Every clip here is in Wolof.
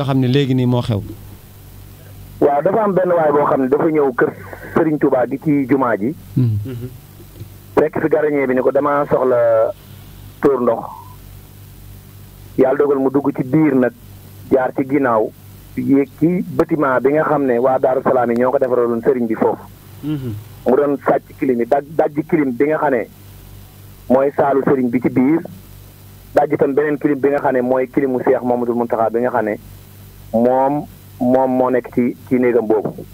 nga xam ne léegi nii moo xew. waaw dafa am benn waay boo xam ne dafa ñëw kër sëriñ Touba gi ci jumaa ji. Hmm. fekk fi garañee bi ni ko damaa soxla tóor ndox. yàlla dogal mu dugg ci biir nag jaar ci ginnaaw yéeg ci bâtiment bi nga xam ne waa Daaru Salaam yi ñoo ko defaraloon sëriñ bi foofu. Hmm. mu doon sàcc kilim yi daj daj kilim bi nga xam ne mooy saalu sëriñ bi ci biir daj itam beneen kilim bi nga xam ne mooy kilimu Seex Mamadou Mountakha bi nga xam ne. moom moom moo nekk ci ci néegam boobu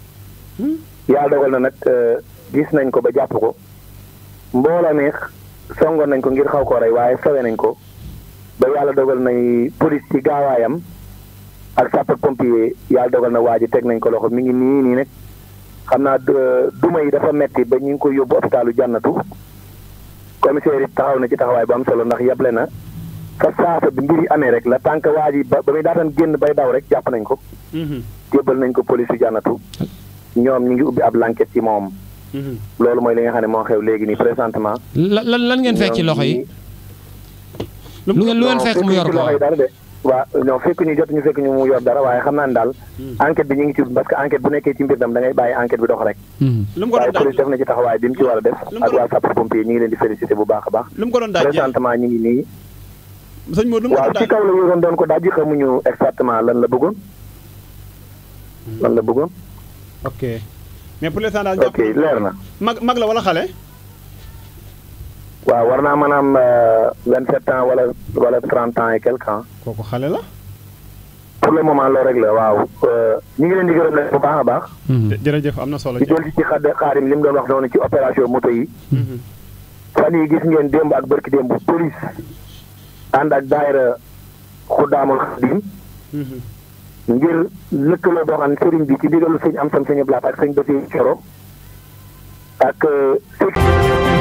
yàlla dogal na nag euh, gis nañ ko ba jàpp ko mbooloo mi songoon nañ ko ngir xaw ko rey waaye sawe nañ ko ba yàlla dogal nañ police ci gaawaayam ak sapeur pompier yàlla dogal na waa ji teg nañ ko loxo mi ngi nii nii xam naa duma yi dafa metti ba ñu ngi ko yóbbu hôpitalu jànnatu commissaire taxaw na ci taxawaay bu am solo ndax yable na ka saasa bi mbir yi amee rek la tànk waa ba ba muy daataan génn bay daw rek jàpp nañ ko. Mhm. jébbal nañ ko police yu jànnatu ñoom ñu ngi ubbi ab lanket ci moom. Mhm. loolu mooy li nga xam ne moo xew léegi nii présentement. lan lan ngeen fekk ci loxo yi. lu ngeen lu ngeen fekk mu yor dara waaye xam naa ne daal. Mhm. enquête bi ñu ngi ci parce que enquête bu nekkee ci mbir dam da bàyyi enquête bi dox rek. lu police def na ci taxawaay bi mu ci war a def. ak waa sapeur a baax. lu mu sëñ Modou lu mu waaw ci kaw la ñu doon doon ko daaj xamuñu exactement lan la bëggoon. Hmm. lan la bëggoon. ok mais pour l'instant daal ok leer na. mag mag la wala xale. waaw war naa man a am 27 ans wala wala 30 ans et quelque ans. kooku xale la. pour le moment loolu rek la waaw euh, ñu ngi leen di gërëm a bu baax a baax. Hmm. jërëjëf am na solo. di jël ci xadd xaarim li mu doon wax noonu ci opération moto yi. Hmm. fan yi gis ngeen démb ak bërki démb police. ànd ak daayira xuddaamul xadim mhm. ngir lëkkaloo boo xam sëriñ bi ci digalu sëñ am sam sëñ Blaat ak sëñ Basiru Coro ak euh,